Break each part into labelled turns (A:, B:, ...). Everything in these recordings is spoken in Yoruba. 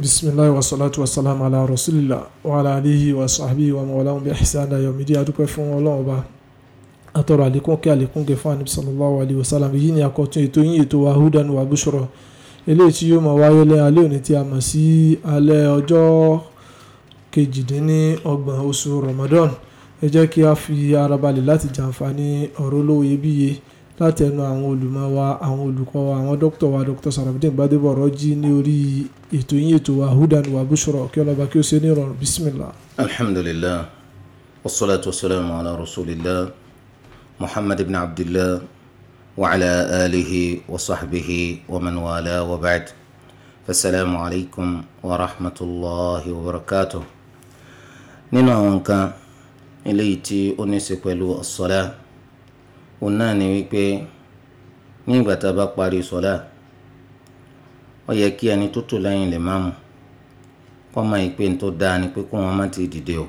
A: bisimilayi wa salatu wa salam ala rasulillah wa ala alihi wa sahbihi wa mawlahum bi ihsana yomidi adúpẹ́ fún Ọlọ́run Ọba atọrọ àlékún kí àlékún kẹ fún anabi sallallahu alayhi wa sallam èyí ni àkọtun ètò yín ètò wa hudan wa bushra eléyìí tí yóò máa wáyé lẹ́yìn alẹ́ òní tí a mọ̀ sí alẹ́ ọjọ́ kejìdínlọ́gbọ̀n oṣù ramadan ẹ kí a fi ara balẹ̀ láti jàǹfààní ọ̀rọ̀ olówó iyebíye láti ẹnu àwọn olùmọ̀ wa àwọn olùkọ́ wa àwọn dókítà wa dókítà Sarafudeen Gbadebo Raji ní orí ètò yín ètò wa hudan wa bushra kí ọlọ́ba kí ó ṣe ní ìrọ̀rùn bisimilah.
B: alhamdulilah wasalaatu wasalaamu ala rasulillah muhammad ibn abdillah wa ala alihi wa sahbihi wa man wala wa ba'd fasalaamu alaykum wa rahmatulahi wa barakatuh. nínú àwọn nǹkan eléyìí tí ó ní í ṣe pẹ̀lú as-salah. òun náà ni wípé ní ìgbà tá a bá parí sọ́lá ó yẹ kí ẹni tó tò lẹ́yìn lè máàmù kó máa yí pé ní tó dáa ni pé kó wọn má ti dìde o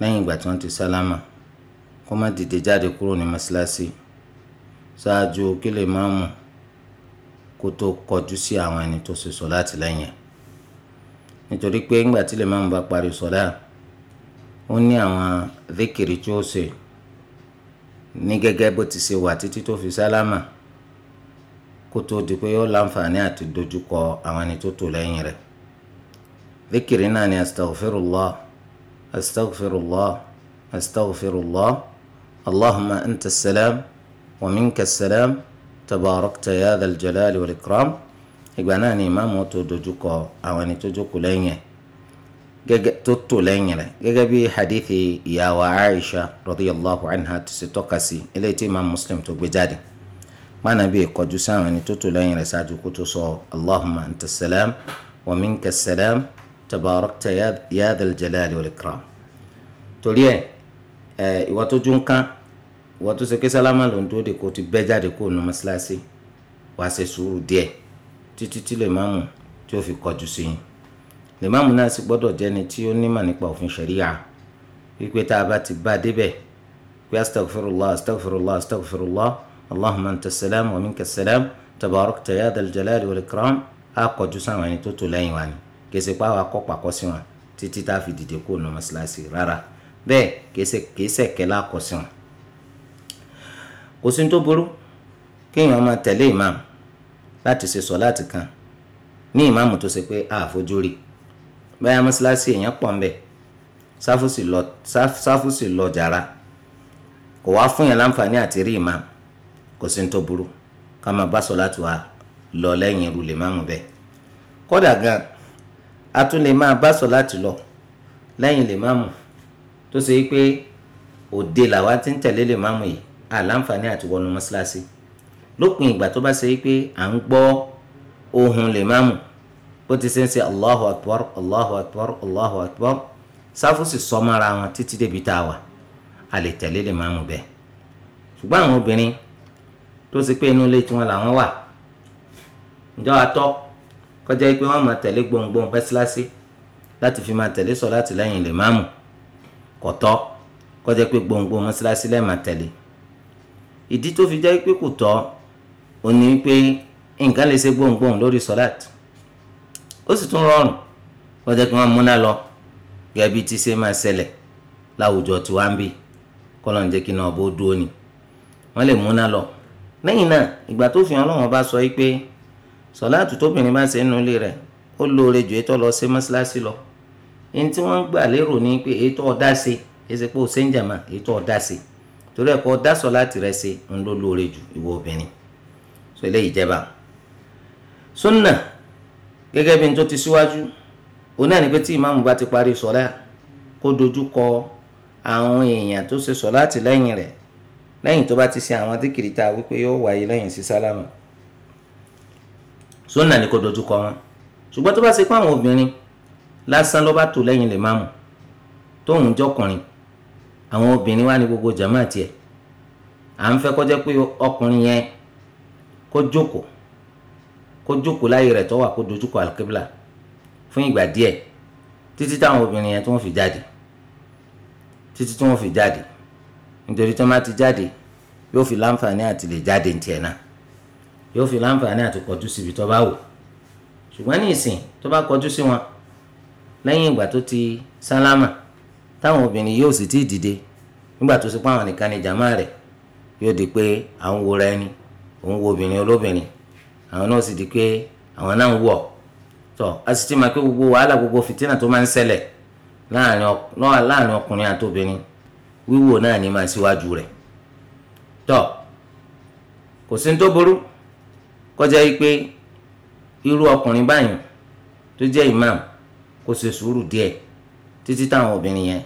B: lẹ́yìn ìgbà tí wọ́n ti sálámà kó má dìde jáde kúrò ní mọ́ṣáláṣí ṣáájú kí lè máàmù kó tó kọjú sí àwọn ẹni tó ṣe sọ́lá àtìlẹ́yìn nítorí pé ńgbà tí lè máàmù bá parí sọ́lá ó ní àwọn zikiri tí ó ṣe ní gẹ́gẹ́ bó ti ṣe wà títí tó fi sálámà kó tó di pé yóò láǹfààní àti dojúkọ àwọn ẹni tó tò lẹ́yìn rẹ̀ zikiri náà ni astaghfirullah astaghfirullah astaghfirullah allahumma anta salam wa minka salam tabarakta ya dhal jalali wal ìgbà náà ni ìmáàmù tó dojúkọ àwọn ẹni tó jókòó lẹ́yìn ẹ̀ gẹ́gẹ́ tó tò lẹ́yìn rẹ̀ gẹ́gẹ́ bí hadithi ìyàwó aisha radiyallahu anha ti ṣe tọ́ka sí eléyìí tí imam muslim tó gbé jáde mánà bíi ìkọjú sáwọn ẹni tó tò lẹ́yìn rẹ̀ ṣáájú kó tó sọ allahumma anta salam wa minka salam tabarakta ya dhal jalali wal ikram. torí ẹ ẹ ìwà tó dún kán ìwà tó ṣe ké sálámà ló ń tó de kó ti bẹ́ jáde kó nu mọ́ṣáláṣí wàá ṣe sùúrù díẹ̀ títí tí lè máàmù tí ó fi kọjú sí yín lèmáàmù náà sì gbọ́dọ̀ jẹ́ni tí ó nímọ̀ nípa òfin ṣẹ̀ríyà wípé tá a bá ti bá a débẹ̀ pé astagfirullah astagfirullah astagfirullah allahumma anta salam wa minka salam tabarakta ya dal jalali wal ikram á kọjú sáwọn ẹni tó tó lẹ́yìn wa ni kèsì pa àwọn akọ́pọ̀ àkọ́sí wọn títí tá a fi dìde kó nu mọ́ṣáláṣí rárá bẹ́ẹ̀ kèsì kẹlẹ́ àkọ́sí wọn. kò sí ní tó burú kéèyàn máa tẹ̀lé ìmáàmù láti ṣe sọ láti kan ní ìmáàmù tó ṣe pé àfojú rí báyà mọ́ṣáláṣí èèyàn pọ̀ ńbẹ̀ sáfù sì lọ jàrá kò wá fún yẹn láǹfààní àti rí ìmáàmù kò sí ní tó burú ká máa bá sọ láti wá lọ lẹ́yìn irú lè máàmù bẹ́ẹ̀ kódà gan a tún lè máa bá sọ láti lọ lẹ́yìn lè máàmù tó ṣe pé òde làwa ti ń tẹ̀lé lè máàmù yìí àláǹfààní àti wọnú mọ́ṣáláṣí lópin ìgbà tó bá ṣe pé à ń gbọ́ ohùn lè máàmù ó ti ṣe ń ṣe allahu akbar allahu akbar allahu akbar sáfù sì sọ mọ́ra wọn títí débi tá a wà a lè tẹ̀lé lè máa mú bẹ́ẹ̀ ṣùgbọ́n àwọn obìnrin tó ṣe pé inú ilé tiwọn làwọn wà ǹjọ́ atọ́ kọjá pé wọ́n máa tẹ̀lé gbòǹgbòǹ pẹ́síláṣí láti fi máa tẹ̀lé sọ láti lẹ́yìn lè máa mú kọ̀tọ́ kọjá pé gbòǹgbòǹ mọ́síláṣí lẹ́ẹ̀ máa tẹ̀lé ìdí tó fi jẹ́ pé kò tọ́ òní pé nǹkan lè ṣe gbòǹgbòǹ lórí sọ́láàtì ó sì tún rọrùn wọ́n jẹ́ kí wọ́n múná lọ gẹ́gẹ́ bí tí ṣe máa ṣẹlẹ̀ láwùjọ tí wọ́n á ń bì kọ́lọ́ ń jẹ́ kí náà bó dúró ni wọ́n lè múná lọ. lẹ́yìn náà ìgbà tó fi ọlọ́run bá sọ yìí pé sọ̀láàtù tóbìnrin bá ṣe nínú ilé rẹ̀ ó lóore jù ètò lọ sí mọ́ṣáláṣí lọ ẹni tí wọ́n gbà lérò ní pé ètò ọ̀dá ṣe èsì pé òṣè ń jàmà ètò ọ̀dá ṣe torí ẹ̀kọ́ ọ̀dá sọ̀láàtì rẹ̀ ṣe ń lóore jù ìwọ obìnrin so eléyìí jẹba sunna gẹ́gẹ́ bí n tó ti síwájú òun náà ni pé tí ìmáàmù bá ti parí sọ̀lá kó dojú kọ àwọn èèyàn tó ṣe sọ̀lá àti lẹ́yìn rẹ̀ lẹ́yìn tó bá ti ṣe àwọn díkìrì tá a wípé yóò wáyé lẹ́yìn sí sálámà sunna ni kó dojú kọ wọn ṣùgbọ́n tó bá ṣe pé àwọn obìnrin lásán ló bá tò lẹ́yìn lè máàmù tóun jọkùnrin àwọn obìnrin wá ní gbogbo jàmáà tiẹ̀ à ń fẹ́ kó pé ọkùnrin yẹn kó jókòó kó jókòó láyé rẹ̀ tó wà kó dojúkọ alkebla fún ìgbà díẹ̀ títí táwọn obìnrin yẹn tí wọ́n fi jáde títí tí wọ́n fi jáde nítorí tí wọ́n bá ti jáde yóò fi láǹfààní àti lè jáde ní tiẹ̀ náà yóò fi láǹfààní àti kọjú síbi tó bá wò ṣùgbọ́n ní ìsìn tó bá kọjú sí wọn lẹ́yìn ìgbà tó ti sálámà táwọn obìnrin yóò sì ti dìde nígbà tó sì pàwọn nìkan ni jàmáà rẹ̀ yóò di pé à ń wo ra ẹni òun wo obìnrin olóbìnrin àwọn náà sì di pé àwọn náà ń wọ̀ tó a sì ti máa pé gbogbo wàhálà gbogbo fìtínà tó máa ń ṣẹlẹ̀ láàrin ọkùnrin àti obìnrin wíwò náà máa síwájú rẹ̀ kò sí ní tó burú kọjá yìí pé irú ọkùnrin báyìí imam kó ṣe sùúrù díẹ̀ títí táwọn obìnrin yẹn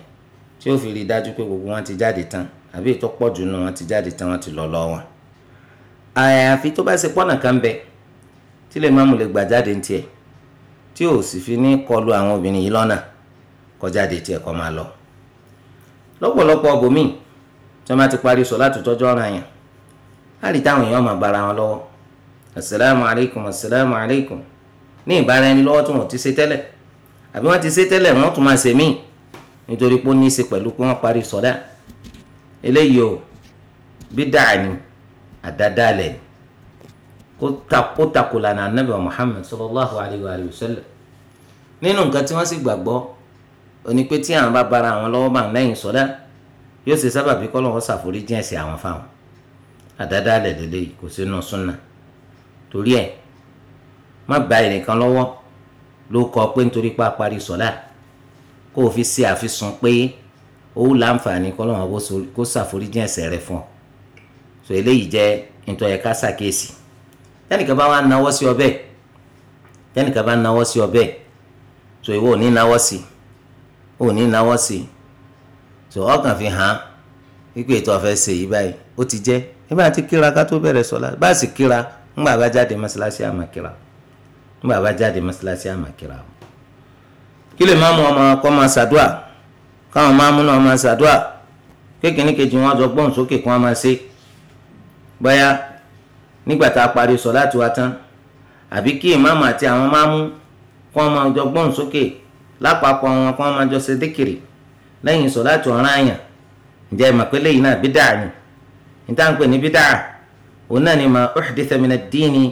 B: tí ó fi rí i dájú pé gbogbo wọn ti jáde tán àbí ìtọ́pọ̀jù náà wọn ti jáde tán wọn ti lọ lọ àyàfi tí lè máàmù lè gbà jáde ní tiẹ̀ tí ò sì fi ní kọlu àwọn obìnrin yìí lọ́nà kọjáde tiẹ̀ kọ́ máa lọ. lọ́pọ̀lọpọ̀ ọbòmíì tí wọ́n bá ti parí sọ láti tọ́jú ọ̀ràn yẹn á rí táwọn èèyàn máa bára wọn lọ́wọ́ asalaamu aleykum asalaamu aleykum ní ìbára ẹni lọ́wọ́ tí wọ́n ti ṣe tẹ́lẹ̀ àbí wọ́n ti ṣe tẹ́lẹ̀ wọ́n tún máa ṣe míì nítorí pé ó ní í ṣe pẹ̀lú pé wọ́n parí sọ́dá eléyìí o bídà ni àdádálẹ̀ ni kó takò lànà anabi muhammed sallallahu alayhi wa sallam nínú nǹkan tí wọ́n sì gbàgbọ́ oní pé tí àwọn bá bára àwọn lọ́wọ́ bá ń lẹ́yìn sọ́dá yóò ṣe sábàbí kọ́ lọ́wọ́ ṣàforíjì ẹ̀ṣẹ̀ àwọn fáwọn àdádálẹ̀ lélẹ́yìí kò sínú súnà torí ẹ̀ má ba ẹnìkan lọ́wọ́ ló kọ pé nítorí pa parí sọ́dá kó o fi ṣe àfisùn pé owó láǹfààní kọ́ kó ṣàforíjì ẹ̀ṣẹ̀ rẹ̀ fún ọ so eléyìí jẹ́ nítorí ẹ̀ ká tẹnìkan bá wà náwó sí ọbẹ̀ tẹnìkan bá sí so ìwọ ò ní sí ò ní sí ọkàn fi hàn wípé ètò ọ̀fẹ́ ṣe yí báyìí ó ti jẹ́ nígbà tí kíra ká tó bẹ̀rẹ̀ sọ́lá bá sì kíra ńgbà bá jáde mọ́ṣáláṣí àmàkíra ńgbà bá jáde mọ́ṣáláṣí àmàkíra kí lè má mú ọmọ kọ́ máa ṣàdúà káwọn máa nígbà tá a parí sọ̀láàtì wa tán àbí kí ìmáàmù àti àwọn máàmú kó wọn máa jọ gbóhùn sókè lápapọ̀ wọn kó wọn máa jọ ṣe díkìrì lẹ́yìn sọ̀láàtì ọ̀ràn àyàn ǹjẹ́ ìmọ̀pẹ́lẹ́ yìí náà bídà ni níta ń pè ní bídà òun náà ni mà uhditha mina ad-dini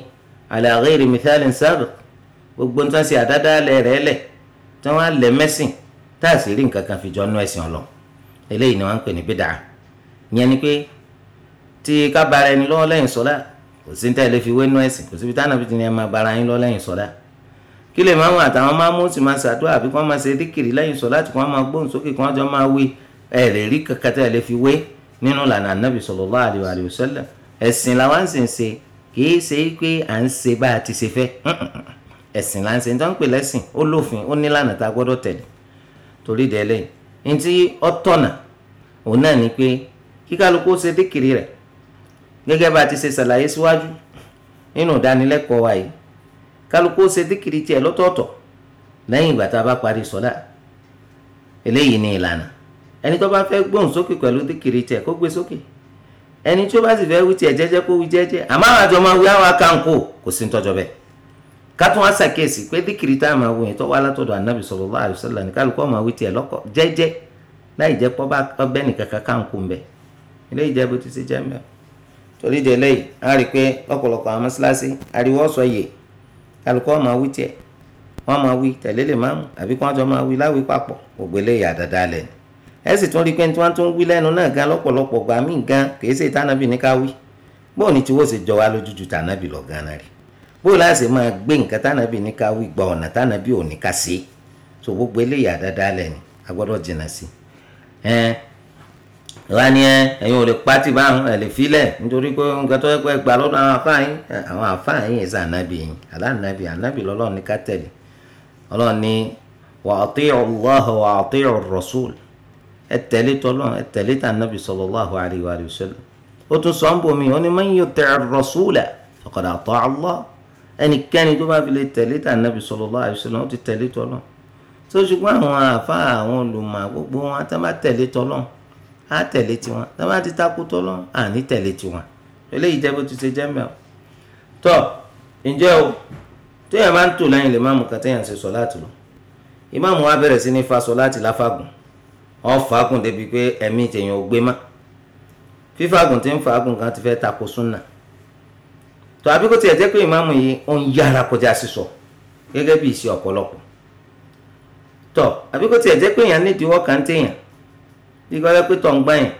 B: ala ghairi mithalin sabiq gbogbo nǹkan ṣe àdádálẹ̀ rẹ̀ lẹ̀ tí wọ́n á lẹ̀ mẹ́sìn tá a sì rí nǹkan kan fi nú ẹ̀sìn ọlọ eléyìí ni wọ́n ń pè ní bídà ìyẹn ni pé tí ká bara ẹni lọ́wọ́ lẹ́yìn sọ́lá kò sí tẹ́lẹ̀ fi wé nú ẹ̀sìn kò síbi táwọn àbíjì ni ẹ máa bára yín lọ lẹ́yìn sọ́dá kí lè máa mú àtàwọn máa mú sì máa ṣàdúrà àbí kí wọ́n máa ṣe díkìrì lẹ́yìn sọ́dá tí wọ́n máa gbóhùn sókè kí wọ́n jọ máa wí ẹ̀ lè rí kankan tẹ́lẹ̀ fi wé nínú ìlànà anábì sallallahu alaihi wasallam ẹ̀sìn làwọn ń sìn ṣe kì í ṣe pé à ń ṣe bá a ti ṣe fẹ́ ẹ̀sìn là ń ṣe ní tó pè lẹ́sìn ó lófin ó nílànà tá a gbọ́dọ̀ tẹ̀lé torí dẹ́lẹ̀ ní tí ó tọ̀nà òun náà ni pé kíkálukú ṣe díkìrì rẹ̀ gẹ́gẹ́ bá a ti ṣe ṣàlàyé síwájú nínú ìdánilẹ́kọ̀ọ́ wa yìí kálukú ṣe díkìrì tiẹ̀ lọ́tọ̀ọ̀tọ̀ lẹ́yìn ìgbà tá a bá parí sọ́lá eléyìí ni ìlànà ẹni tó bá fẹ́ gbóhùn sókè pẹ̀lú díkìrì tiẹ̀ kó gbé sókè ẹni tí ó bá sì fẹ́ wí tiẹ̀ jẹ́jẹ́ kó wí jẹ́jẹ́ àmọ́ àwọn àjọ máa wí àwọn akáǹkó kò sí nítọ́jọ́ bẹ́ẹ̀ ká tún wá ṣàkíyèsí pé díkìrì tá a máa wò yẹn tó wá látọ̀dọ̀ ànábì sallallahu alaihi wasallam ni kálukú máa wí tiẹ̀ lọ́kọ̀ jẹ́jẹ́ láì jẹ́ pọ́ bá ọbẹ̀ nìkan kankan kù ń bẹ̀ ilé ìjẹ́bù ti ṣe jẹ́ mẹ́rin. torí de lẹ́yìn á rí i pé ọ̀pọ̀lọpọ̀ àwọn mọ́ṣáláṣí ariwo ma yè kálukọ́ máa wí tiẹ̀ wọ́n máa wí tẹ̀lé lè máa mú àbí kí wọ́n jọ máa wí láwí papọ̀ gbogbo eléyìí àdàdà lẹ̀ ni. ẹ sì tún rí i pé wọ́n tún wí lẹ́nu náà gan lọ́pọ̀lọpọ̀ gbà mí gan kìí ṣe ní ká wí bóò ní tí wọ́n gbé nǹkan ìwà ni ẹ ẹ̀yin ò lè pati báwọn ẹ lè filẹ̀ nítorí pé nǹkan tó yẹ pé gbà lọ́dọ̀ àwọn afáàyìn àwọn afáàyìn ẹsẹ ànábì yìí alánàbì ànábì lọ́lọ́run ní kátẹlì Ọlọ́run ní wa ati'u Allah wa ati'u ar-rasul ẹ tẹ̀lé tọlọ ẹ tẹ̀lé tà ànábì sallallahu alaihi wa sallam ó tún sọ ń bò mí ó ní man yuti' ar-rasula faqad ata Allah á tẹ̀lé tiwọn tá a bá ti takú tọ́ lọ à ní tẹ̀lé tiwọn eléyìí jẹ́ bó ti ṣe jẹ́ mẹ́ọ̀ tọ́ ǹjẹ́ o téèyàn bá ń tò lẹ́yìn lè má mú kàtẹ́yàn ṣe sọ láti lọ ìmáàmù wa bẹ̀rẹ̀ sí ní fa sọ láti láfàgùn ọ̀ fàágùn débi pé ẹ̀mí tèèyàn ò gbé má fífàgùn tí ń fàágùn kan ti fẹ́ tako súnà tó àbí kó tiẹ̀ jẹ́ pé ìmáàmù yìí ó ń yára kọjá sísọ gẹ́gẹ́ bí ìṣe ọ̀pọ̀lọpọ̀ tó àbí kó tiẹ̀ jẹ́ pé èèyàn nídìí wọ́kàn téèyàn bí gbọ́dọ̀ pé tọ̀ǹgbà yẹn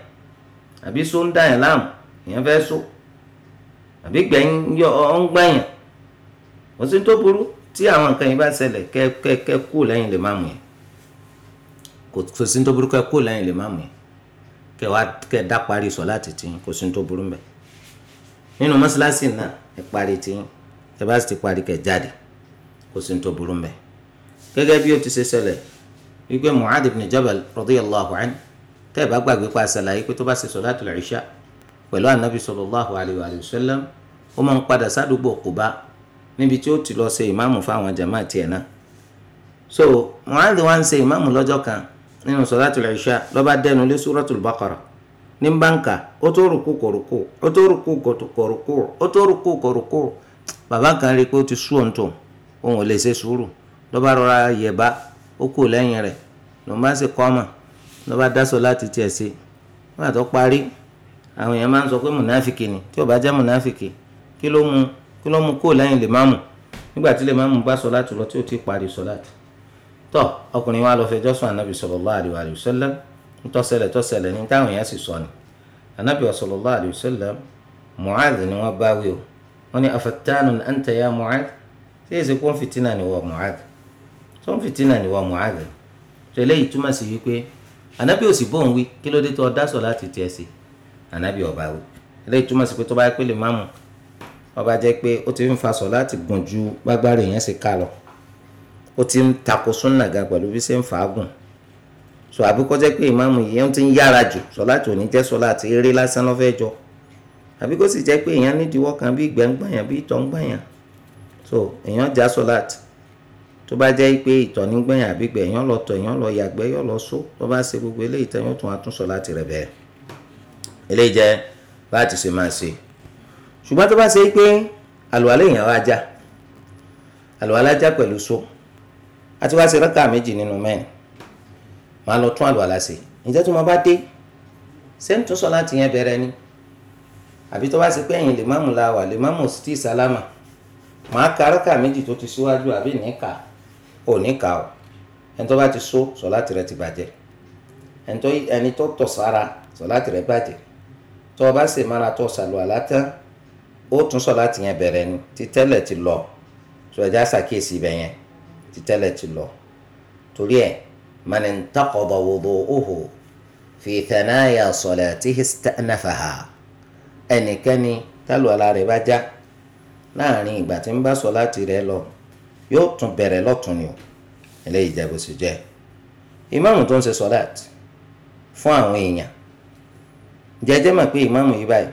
B: àbí so ń dà yẹn láàmú èèyàn fẹ́ so àbí gbẹ̀yìn yọ ọ́ ń gbà yẹn kò sí tó burú tí àwọn nǹkan yìí bá ṣẹlẹ̀ kẹ́ kẹ́ kẹ́ kú lẹ́yìn lè máàmù yẹn kò sí tó burú kẹ́ kú lẹ́yìn lè máàmù yẹn kẹ́ wá kẹ́ dá parí sọ láti tiyín kò sí tó burú mbẹ̀ nínú mọ́ṣáláṣí náà ẹ parí tiyín ẹ bá sì ti parí kẹ́ jáde kò sí tó burú mbẹ̀ gẹ́gẹ́ bí o ti ṣe ṣẹlẹ̀ wípé Mu'adh ibn Jabal radiyallahu anhu tẹ́ ẹ bá gbàgbé pa àṣàlàyé pé tó bá ṣe sọ̀látùl ìṣá pẹ̀lú sallallahu alayhi wa sallam ó máa ń padà sádùúgbò Kùbá níbi tí ó ti lọ ṣe ìmáàmù fáwọn jàmáà náà so Mu'adh wa ń ṣe ìmáàmù lọ́jọ́ kan nínú sọ̀látùl ìṣá ló bá dẹnu lé ní báńkà ó tó ó tó ó tó kan rí i pé ó ti sú òun òun ò lè ṣe sùúrù ló bá rọra yẹ̀bá ó kù lẹ́yìn rẹ̀ ló bá dá sọ̀láàtì tiẹ̀ ṣe nígbà tó parí àwọn èèyàn máa ń sọ pé mùnáfìkì ni tí ò bá jẹ́ mùnáfìkì kí ló mú kí ló mú kó lẹ́yìn lè máàmù nígbà tí lè máàmù bá sọ̀láàtì lọ tí ò ti parí sọ̀láàtì tọ́ ọkùnrin wa lọ fẹjọ́ sùn ànábì sallallahu alaihi wasallam ntọ́sẹ̀lẹ̀ tọ́sẹ̀lẹ̀ ní táwọn èèyàn sì sọ ni ànábì sallallahu alaihi wasallam Mu'adh ni wọ́n bá wí o wọ́n ní ànábì ò sì bóun wí kí ló dé tó ọdá sọ láti tiẹ̀ sí ànábì ọba wí eléyìí túmọ̀ sí pé tó bá pé lè máàmù ọba jẹ́ pé ó ti ń fa sọ láti gùn ju gbágbára èèyàn ṣe ká lọ ó ti ń tako súnà gan pẹ̀lú bí ṣe ń fàágùn so àbí kó jẹ́ pé ìmáàmù yìí ti ń yára jù sọ láti òní jẹ́ sọ láti eré lásán lọ́fẹ́ jọ àbí kó sì jẹ́ pé èèyàn nídìíwọ́ kan bí ìgbẹ́ ń gbàyàn bí ìtọ̀ ń gbàyàn so èèyàn já sọ láti tó bá jẹ́ pé ìtọ̀ nígbẹ̀yìn àbí gbẹ̀ yán lọ tọ̀ yán lọ yàgbẹ́ yán lọ só tó bá ṣe gbogbo eléyìí tẹ́ yóò tún wá tún sọ láti rẹ̀ bẹ́ẹ̀ eléyìí jẹ́ láti ṣe máa ṣe ṣùgbọ́n tó bá ṣe pé àlùwalẹ̀ èèyàn wá já àlùwalẹ̀ já pẹ̀lú só àti wá ṣe rákà méjì nínú mẹ́rin máa lọ tún àlùwalẹ̀ ṣe ǹjẹ́ tó máa bá dé ṣé ń tún láti yẹn bẹ̀rẹ̀ ni àbí tó bá ṣe pé ẹ̀yìn lè má mú la wà lè má mú sí sálámà máa ka rákà méjì tó ti síwájú àbí ní kà ò ní kà ó ẹni tó bá ti so sọláàtì rẹ ti bàjẹ́ ẹni tó tọ̀ sára sọláàtì rẹ bàjẹ́ tó o bá sì mára tó sàlù àlátá ó tún sọláàtì yẹn bẹ̀rẹ̀ ni títẹ́lẹ̀ ti lọ sọjá sàkíyèsí ibẹ̀ yẹn títẹ́lẹ̀ ti lọ torí ẹ̀ man intaqada wudu'uhu fi thanaya salatihi ista'nafaha ẹnikẹ́ni tálù àlá bá já láàrin ìgbà tí ń bá sọláàtì rẹ̀ lọ yóò tún bẹ̀rẹ̀ lọ́tún ni o eléyìí jẹ́ bó ṣe jẹ́ ìmáàmù tó ń ṣe sọ́láàt fún àwọn èèyàn jẹ́jẹ́ mọ̀ pé ìmáàmù yìí báyìí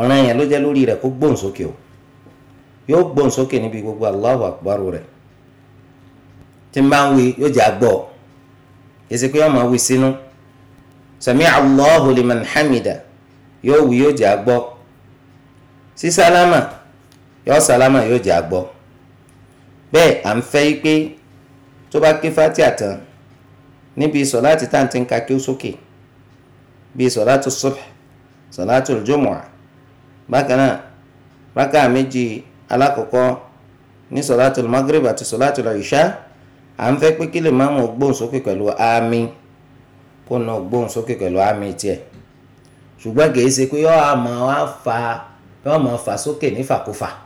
B: ọ̀ràn yẹn ló jẹ́ lórí rẹ̀ kó gbóhùn sókè o yóò gbóhùn sókè níbi gbogbo Allahu Akbar rẹ̀ tí n bá ń wí yóò jẹ́ àgbọ̀ èsì pé ọmọ wí sínú sami Allahu liman hamida yóò wí yóò jẹ́ àgbọ̀ sísálámà yóò sálámà yóò jẹ́ àgbọ̀ bẹ́ẹ̀ à ń fẹ́ yí pé tó bá ké fatia tán níbi sọ̀láàtì tá à ń ti ń ka kí ó sókè bíi sọ̀láàtù subh sọ̀láàtù jumu'ah bákan náà rákà méjì alákọ̀ọ́kọ́ ní sọ̀láàtù maghrib àti sọ̀láàtù ìṣá à ń fẹ́ pé kí lè má mú gbóhùn sókè pẹ̀lú àmì kó na gbóhùn sókè pẹ̀lú àmì tiẹ̀ ṣùgbọ́n kì í ṣe pé yọ́ọ́ àmọ́ wá fa yọ́ọ́ mọ̀ fà sókè nífàkúfà. So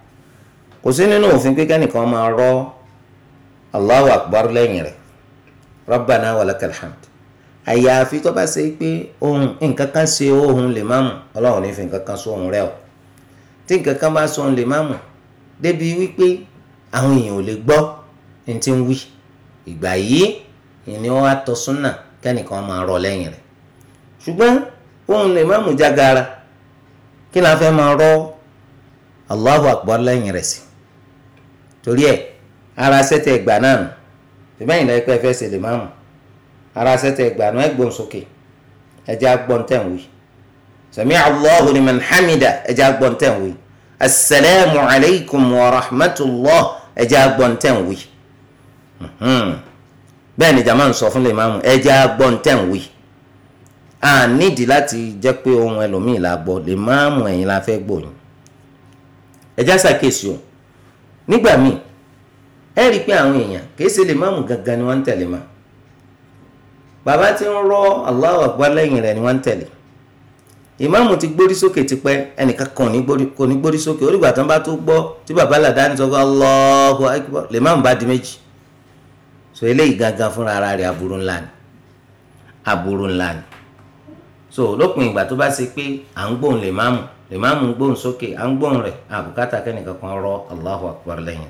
B: kò sí nínú òfin pé kẹ́nìkan máa rọ́ Allahu akbar lẹ́yìn rẹ̀ rabbana walakal hamd àyàfi tó bá ṣe pé ohun nǹkan kan ṣe ohun lè má mú ọlọ́run nífi nǹkan kan sóhun rẹ̀ o tí nǹkan kan bá sóhun lè má mú débi wípé àwọn èèyàn ò lè gbọ́ ní ti ń wí ìgbà yìí ìní wọn á tọ súnà kẹ́nìkan máa rọ lẹ́yìn rẹ̀ ṣùgbọ́n ohun lè má mú jágara kí la fẹ́ máa rọ Allahu akbar lẹ́yìn rẹ̀ sí i torí ẹ̀ ara sẹ́tẹ̀ ẹgbà náà nù tìbẹ́yìn náà ẹgbẹ́ fẹ́ ṣe lè máa mù ara sẹ́tẹ̀ ẹgbà náà ẹgbọ́n sókè ẹjẹ́ agbọ́n tẹ̀ ń wí sami allahu liman hamida ẹjẹ́ agbọ́n tẹ̀ ń wí asalaamu alaykum wa rahmatulah ẹjẹ́ agbọ́n tẹ̀ ń wí hmm. bẹ́ẹ̀ ni jama ń sọ fún lè máa mù ẹjẹ́ agbọ́n tẹ̀ ń wí a nídìí láti jẹ́ pé ohun ẹlòmíì la lè máa mù ẹ̀yin la fẹ́ gbòyìn ẹjẹ́ sàkíyèsí o nígbà míì ẹ rí i pé àwọn èèyàn kìí ṣe lè máàmù gangan ni wọ́n ń tẹ̀lé ma bàbá tí ń rọ Allahu Akbar lẹ́yìn rẹ̀ ni wọ́n ń tẹ̀lé ìmáàmù ti gbórí sókè tipẹ́ ẹnìkan kan kò ní gbórí sókè orí ìgbà bá tó gbọ́ tí bàbá làdáni sọ pé Allahu Akbar lè máàmù bá di méjì so eléyìí gangan fúnra ara rẹ̀ aburú ńlá ni aburú ńlá ni so lópin ìgbà tó bá ṣe pé à ń gbóhùn lè máàmù ìmáàmù ń gbóhùn sókè à ń gbóhùn rẹ̀ àbùkátà kẹ́nìkan kan rọ Allahu Akbar lẹ́yìn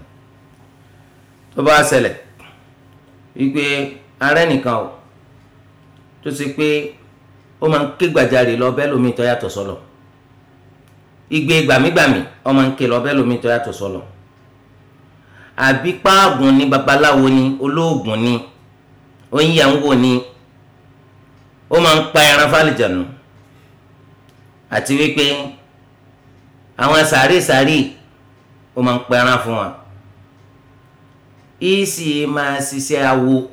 B: tó bá ṣẹlẹ̀ wípé arẹ́ nìkan o tó ṣe pé ó máa ń ké gbàjarè lọ bẹ́ẹ̀ lómi tó yàtọ̀ sọlọ igbe gbàmígbàmí ó máa ń ké lọ bẹ́ẹ̀ lómi tó yàtọ̀ sọlọ àbí páàgùn ni babaláwo ni olóògùn ni oníyàwó ni ó máa ń pa ẹran fálìjànù àti wípé àwọn sàárèsàárè ó máa ń pẹran fún wọn ìsì máa ṣiṣẹ́ awo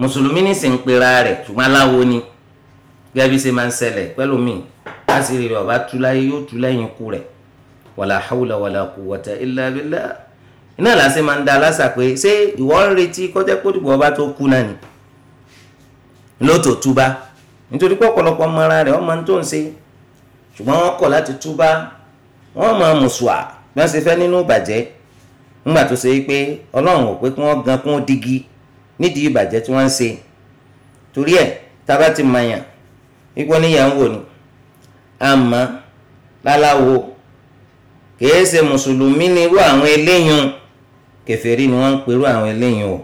B: mùsùlùmí ní sì ń pera rẹ̀ ṣùgbọ́n aláwo ni gẹ́gẹ́ bí ṣe máa ń ṣẹlẹ̀ pẹ́lú mi láṣìírí rẹ̀ ọba tú láyé yóò tú lẹ́yìn ikú rẹ̀ wàlà hàwùlà wàlà quwwata illa billah iná làṣẹ máa ń da aláṣà pé ṣé ìwọ ń retí kọjá kó ọba tó kú náà ni lóòótọ́ túbá nítorí pé ọ̀pọ̀lọpọ̀ mọ́ra rẹ̀ ọmọ tó ń ṣe ṣùgbọ́n wọ́n kọ̀ láti túbá wọ́n máa mùsùà bí wọ́n ṣe fẹ́ nínú ìbàjẹ́ ńgbà tó ṣe pé ọlọ́run ò pé kí wọ́n gan kún dígí nídìí ìbàjẹ́ tí wọ́n ń ṣe torí ẹ̀ tábà ti mayàn wípé oníyàn ń wò ni àmọ́ láláwo kìí ṣe mùsùlùmí ni irú àwọn eléyìn kèfèrí ni wọ́n ń perú àwọn eléyìn o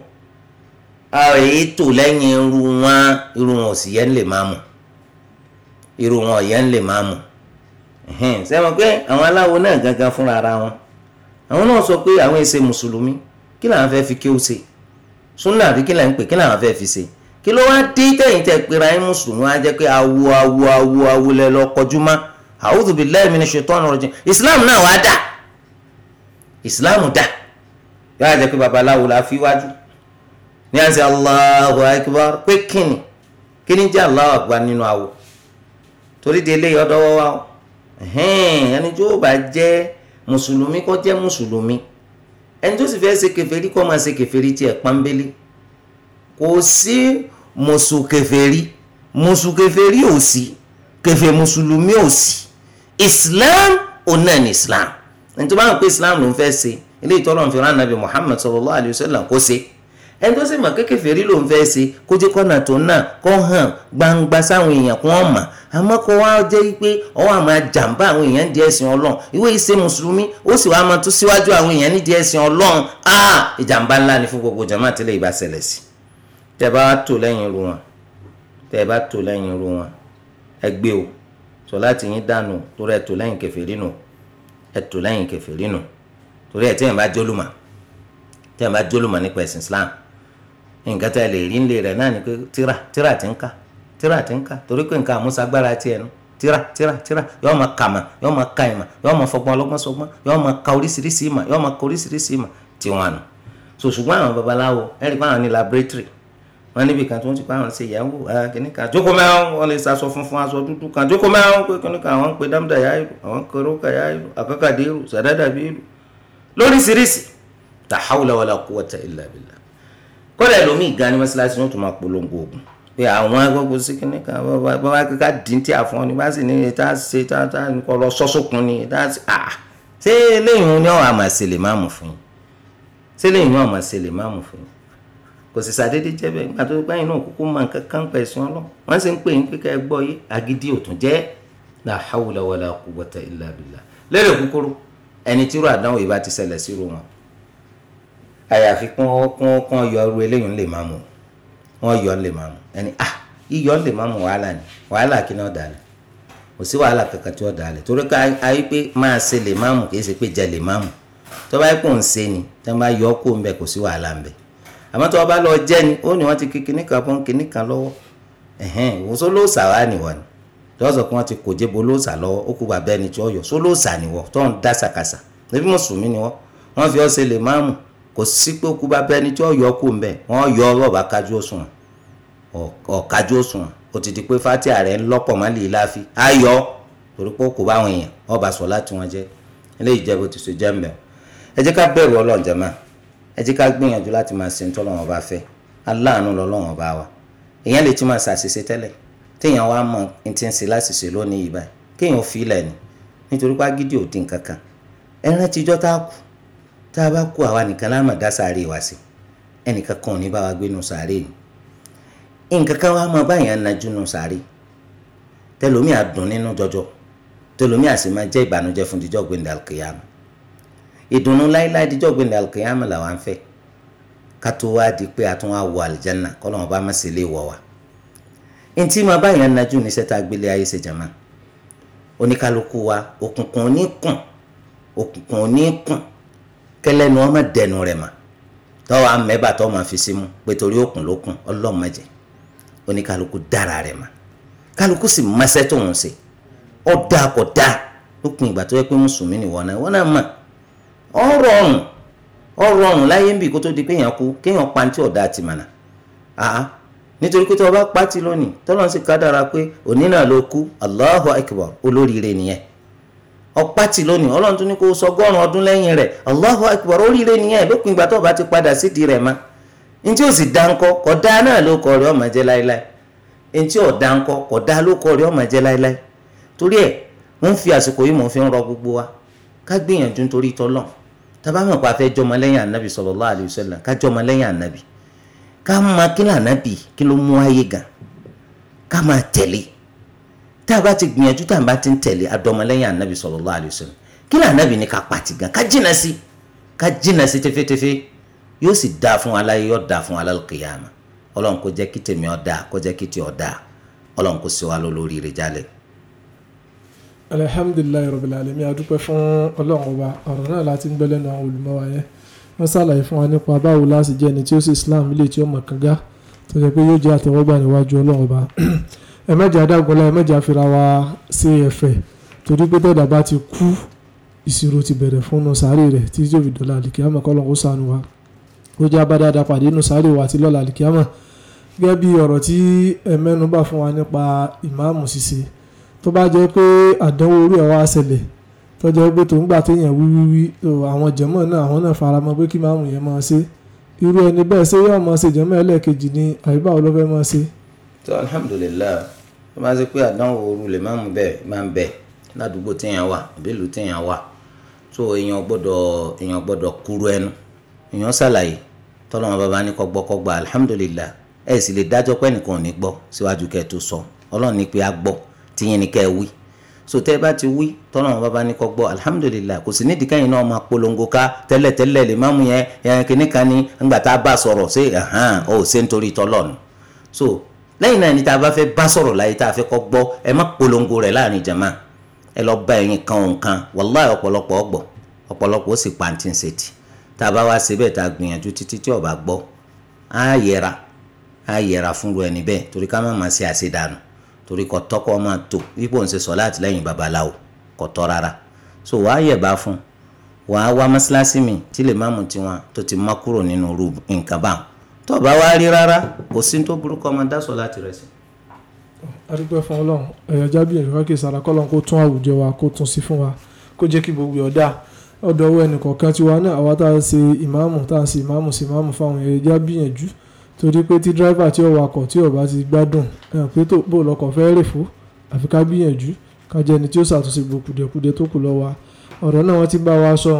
B: àwọn èyí tò lẹ́yìn irú wọn irú wọn ò sì yẹn lè máa mọ̀ irú wọn ò yẹn lè máa mọ̀ sẹ́wọ̀n pé àwọn aláwo náà gangan fúnra ara wọn àwọn náà sọ pé àwọn èsè mùsùlùmí kí làwọn fẹ́ fi kí ó se súnà àbí kí làwọn pè kí làwọn fẹ́ fi se kí ló wá dé tẹ̀yìn tẹ̀ pera yín mùsùlùmí wá jẹ́ pé awo awo awo awo lẹ lọ kọjú mọ́ islam náà islam yóò jẹ́ pé la fi wájú ní pé kíni kíni jẹ́ de eléyìí ẹni tí ó bá jẹ́ mùsùlùmí kó jẹ́ mùsùlùmí ẹni tó sì fẹ́ ṣe kèfèrí kó máa ṣe kèfèrí tiẹ̀ pọ́nbélé kò sí mùsù kèfèrí mùsù kèfèrí ò sí kèfè mùsùlùmí ò sí islam ò náà ní islam ẹni tó bá ń pè islam ló ń fẹ́ ṣe eléyìí tọ́lọ́ ń fi rán nàbì muhammad sallallahu alayhi wa sallam kó ṣe ẹni tó sì mọ̀ kékeré rí lòun fẹ́ ṣe kó jẹ́ kọ́nà tó náà kó hàn gbangba sáwọn èèyàn kó wọ́n mọ̀ àmọ́ kó wá jẹ́ pé ọwọ́ àmọ́ jàǹbá àwọn èèyàn di ẹ̀sìn ọlọ́run ìwé ìṣe mùsùlùmí ó sì wá máa tún síwájú àwọn èèyàn nídìí ẹ̀sìn ọlọ́run á ìjàǹbá ńlá ni fún gbogbo jàmáà àtìlẹ́ ìbá ṣẹlẹ̀ sí. tẹ́ bá tó lẹ́yìn irú wọn tẹ́ bá tó lẹ́yìn irú wọn ẹ gbé o sọ láti yín dànù torí ẹ tó lẹ́yìn kèfèrí nù ẹ tó lẹ́yìn kèfèrí nù torí ẹ tẹ́yìn bá jólùmọ̀ tẹ́yìn bá jólùmọ̀ nípa ẹ̀sìn Islam nǹkan tẹ́ lè rí nílé rẹ̀ náà ni pé tíra tíra ti ń ká tíra ti ń ká torí pé nǹkan àmúṣagbára tiẹ̀ nu tíra tíra tíra yọọ ma kà mà yọọ ma ka ìmà yọọ ma fọgbọ́n ọlọ́gbọ́n sọgbọ́n yọọ ma ka oríṣiríṣi ìmà yọọ ma ka oríṣiríṣi ìmà tiwọn nù so ṣùgbọ́n àwọn babaláwo ẹ̀rí pé àwọn ní laboratory wọn níbi kan tí wọ́n ti pa àwọn ṣe ìyàwó kìnnì kan jókòó mẹ́wọ́n wọn lè sasọ funfun aṣọ dúdú kan jókòó mẹ́wọ́n pé kìnnì kan àwọn ń pe dámdà yá ìlú àwọn kọrókà yá ìlú àkàkàdé ìlú sàdádà bí ìlú lóríṣiríṣi la hawla wala quwwata illa billah kọ́dà ẹlòmíì gan ni mọ́ṣáláṣí wọn tún máa polongo oògùn pé àwọn agogo sí kínní kan bàbá kíkà dín tí àfọ́n ni bá sì ní ta ṣe ta ta kọ́ lọ sọ́sọ́kun ni ta ṣe à ṣé eléyìí ni àwọn àmàṣe lè má mú fún yín ṣé eléyìí ni àwọn àmàṣe lè má mú fún yín kò sì sàdédé jẹ́ bẹ́ẹ̀ nígbà tó gbá yín náà kúkú máa nǹkan kan pẹ̀ sí ọlọ́ wọ́n sì ń pè yín pé ká ẹ gbọ́ yé agídí òtún jẹ́ la hawla wala quwwata illa billah lérè kúkúrú ẹni tí irú àdánwò yìí bá ti ṣẹlẹ̀ sí irú wọn àyàfi kún kún kún yọ ọrú eléyìí lè máa mú wọn yọ lè máa mú ẹni ah yíyọ lè máa mú wàhálà ni wàhálà kí ni ọ̀dà rẹ̀ kò sí wàhálà kankan tí ọ̀dà rẹ̀ torí ká ayé pé máa ṣe lè máa mú kì í ṣe pé jẹ lè máa mú tó bá pò ń ṣe ni tó bá yọ kó ń bẹ kò sí wàhálà ń bẹ àmọ́ tó bá lọ jẹ́ ni ó ní wọ́n ti kí kinní kan fún kinní kan lọ́wọ́ ẹ̀hẹ́n òun sólóòsà wà nìwọ̀n ni lọ́sọ̀ kí wọ́n ti kò jébo lóòsà lọ́wọ́ ó kú bàbá ẹni tí ó yọ sólóòsà nìwọ̀ tó ń dá sàkàsà ẹbí mùsùlùmí ni wọ́n fi ọ́ ṣe lè máa kò sí pé kú bá bẹ́ni tí ọ̀yọ́ kù mbẹ́ wọ́n yọ ọ̀rọ̀ bá kájú òsùn ọ̀kájú òsùn ó ti di pé fati ààrẹ ń lọ́pọ̀ má lè láfi ayọ̀ torí pé kò bá àwọn èèyàn ọba sọ láti wọn jẹ eléyìí jẹ́ bó ti so jẹ́ mbẹ́ ẹ jẹ́ ká bẹ̀rù ọlọ́run jẹ́ máa ẹ jẹ́ ká gbìyànjú láti máa ṣe tọ́lọ́run ọba fẹ́ aláàánú lọ́lọ́run ọba wa èèyàn lè ti máa ṣàṣìṣe tẹ́lẹ̀ téèyàn wá mọ ti ń ṣe láṣìṣe lónìí yìí báyìí kéèyàn fi ilẹ̀ ni nítorí pé agídí ò dín kankan ẹran tíjọ́ tá a kù tá a bá kú àwa nìkan láàmà dá sáré wa sí ẹnìkan kan ò ní bá wa gbénu sáré ni nǹkan kan wá máa báyàn najú nu sáré tẹlomi àdùn nínú jọjọ tẹlomi àsì máa jẹ ìbànújẹ́ fún díjọ gbẹndà kìyàmù ìdùnnú láéláé díjọ gbẹndà kìyàmù làwọn fẹ́ ká tó wá di pé a tún wá wọ àlìjánà kọlọmọ bá má sí ilé wọ wa ntí máa báyàn najú ní sẹta gbélé ayé ṣe jàmá oníkálukú wa òkùnkùn oníkùn òkùnkùn oníkùn kẹlẹ́ ni wọ́n má dẹnu rẹ̀ mà tọ́wọ́ amẹ́bà tọ́ ma fi si mu pé torí òkun lókun ọlọ́mọdé oníkálukú dára rẹ̀ mà kálukú sì mẹsẹ́ tó ń ṣe si dáa da dáa lókun ìgbà tó yẹ pé mùsùlùmí ni wọ́n náà wọ́n náà mà ọ́ rọrùn ọ́ rọrùn láyé ń bì kó tó di pé èèyàn kú kéèyàn pantí ọ̀dà àti mànà àá nítorí pé tí ọ̀pátì lónìí ọlọ́run tún ní kó sọgọ́rùn ọdún lẹ́yìn rẹ̀ Allahu akbar oríire nìyẹn lópin ìgbà tó o bá ti padà sídìí rẹ̀ ma ntí o sì dá kọ dá náà ló kọ rẹ ọmọ jẹ láéláé ntí o dá ló kọ rẹ ọmọ jẹ láéláé torí ẹ mo ń fi àsìkò yìí mo fi ń rọ wa ká gbìyànjú nítorí tábà mọ̀ pé a fẹ́ jọmọ lẹ́yìn ànábì tá a bá ti gbìyànjú tá a bá ti ń tẹ̀lé adọmọlẹ́yìn anabi sallallahu alaihi wasallam kí ni anabi ní ká pàtì gan ká jìnà sí ká jìnà sí tẹfẹtẹfẹ yóò sì dáa fún aláyé yóò dáa fún alálùkìyàmà ọlọ́run kó jẹ́ kí tèmi ó dáa kó jẹ́ kí tí ó dáa ọlọ́run kó ṣe wá lórí
A: rẹ̀ jálẹ̀. alihamdulilayi rabil alamin a dúpẹ́ fún ọlọ́run ọba ọ̀rọ̀ náà láti ń gbẹ́ islam ilé tí ó mọ̀ kánga tó jẹ́ pé yóò ẹ mẹ́jẹ̀ adágúnlá ẹ mẹ́jẹ̀ àfira wa ṣe ẹ̀fẹ̀ torí pé tẹ́dà bá ti kú ìṣirò ti bẹ̀rẹ̀ fún un sáré rẹ̀ tí yóò fi dọ̀la àlìkíyàmọ̀ kọ́ lọ́n kó sànù wa ó jẹ́ abádáadáa pàdé inú sáré wa àti lọ́la àlìkíyàmọ̀ gẹ́gẹ́ bí ọ̀rọ̀ tí ẹ mẹ́nubà fún wa nípa ìmáàmù ṣíṣe tó bá jẹ́ pé àdánwò orí ẹ̀ wá ṣẹlẹ̀ tó jẹ́ pé tòun gbà téèyàn wíwíwí àwọn jẹ̀mọ́ náà àwọn náà faramọ́ pé kí máàmù yẹn máa ṣe irú ẹni bẹ́ẹ̀ ṣé yóò máa ṣe jẹ̀mọ́ ẹlẹ́ẹ̀kejì ni àyíbáwò ló máa ṣe.
B: tó alhamdulillah tó bá ṣe pé àdánwò ooru lè má mú bẹ́ẹ̀ má ń bẹ̀ ládùúgbò téèyàn wà àbí ìlú téèyàn wà tó èèyàn gbọ́dọ̀ èèyàn gbọ́dọ̀ kúrú ẹnu èèyàn ṣàlàyé tọ́lọ́mọ bàbá ní kọ́gbọ́kọ́gbà alihamudulilayi ẹ̀ sì lè dájọ́ pé ẹnìkan ò ní gbọ́ síwájú kẹ́ ẹ tó sọ ọlọ́run ní pé a gbọ́ tíyẹn ní kẹ́ ẹ wí so tẹ́ ẹ bá ti wí tọ́lọ́mọ bàbá ní kọ́ gbọ́ alihamudulilayi kò sí ní ìdíkẹ́yìn náà máa polongo ká tẹ́lẹ̀tẹ́lẹ̀ lè má mú yẹn yẹn kìnnìkan ní ńgbà tá a bá sọ̀rọ̀ ṣé ẹ̀hán ò ṣe nítorí tọ́lọ́run so lẹ́yìn náà ni tá a bá fẹ́ bá sọ̀rọ̀ láyé tá a fẹ́ kọ́ gbọ́ ẹ má polongo rẹ̀ láàrin jama ẹ lọ bá ẹyin kan òǹkan wàláì ọ̀pọ̀lọpọ̀ ọgbọ̀ ọ̀pọ̀lọpọ̀ ó sì pàǹtí ń ṣètì tá a bá wá síbẹ̀ tá a gbìyànjú títí tí ó bá gbọ́ á yẹra á yẹra fúnru ẹni bẹ́ẹ̀ torí ká má máa ṣe àṣedànù torí kò tọ́kọ́ máa tò wípò ń ṣe sọ láti lẹ́yìn babaláwo kò so wàá yẹ̀ bá fún wàá wá mọ́ṣáláṣí mi tí lè má mú tiwọn tó ti tó bá wá rí rárá kò sí tó burúkú ọmọ dasọ láti rẹ sí.
A: adúpẹ́ fún ọlọ́run ẹ̀yọ́ jábìyànjú káàkiri sara kọ́lọ́n kó tún àwùjọ wa kó tún sí fún wa kó jẹ́ kí gbogbo ọ̀dà ọ̀dọ̀ ọwọ́ ẹnìkọ̀ọ̀kan tiwa náà àwa tá à ń ṣe ìmáàmù tá à ń ṣe ìmáàmù sí ìmáàmù fáwọn ẹ̀yọ́ jábìyànjú torí pé tí dírẹ́fà tí ó wakọ̀ tí ó bá ti gbádùn ẹ̀ pé tó bò lọkọ̀ fẹ́ rè fún àfi ká gbìyànjú ká jẹ́ ẹni tí ó ṣàtúnṣe gbogbo tó kù lọ wa ọ̀rọ̀ náà wọ́n ti bá wa sọ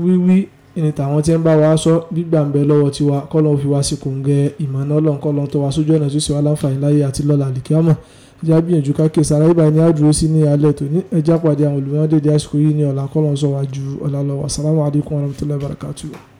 A: wíwí ní tàwọn tí ń bá wa sọ gbígbà ń bẹ lọ́wọ́ tiwa kọ́lọ́n fi wá sí kòǹgẹ́ ìmọ̀nà ọlọ́run kọ́lọ́n tó wá sójú ọ̀nà tó sì wá láǹfààní láyé àti lọ́la àlìkíámọ̀ ẹja gbìyànjú káké sara ibà ni a dúró sí ní alẹ́ tòní ẹja pàdé àwọn olùmọ̀ọ́dẹ́dẹ́ àsìkò yìí ní ọ̀la kọ́lọ́n sọ wájú ọ̀la lọ́wọ́ assalamu alaikum wabarakatuh.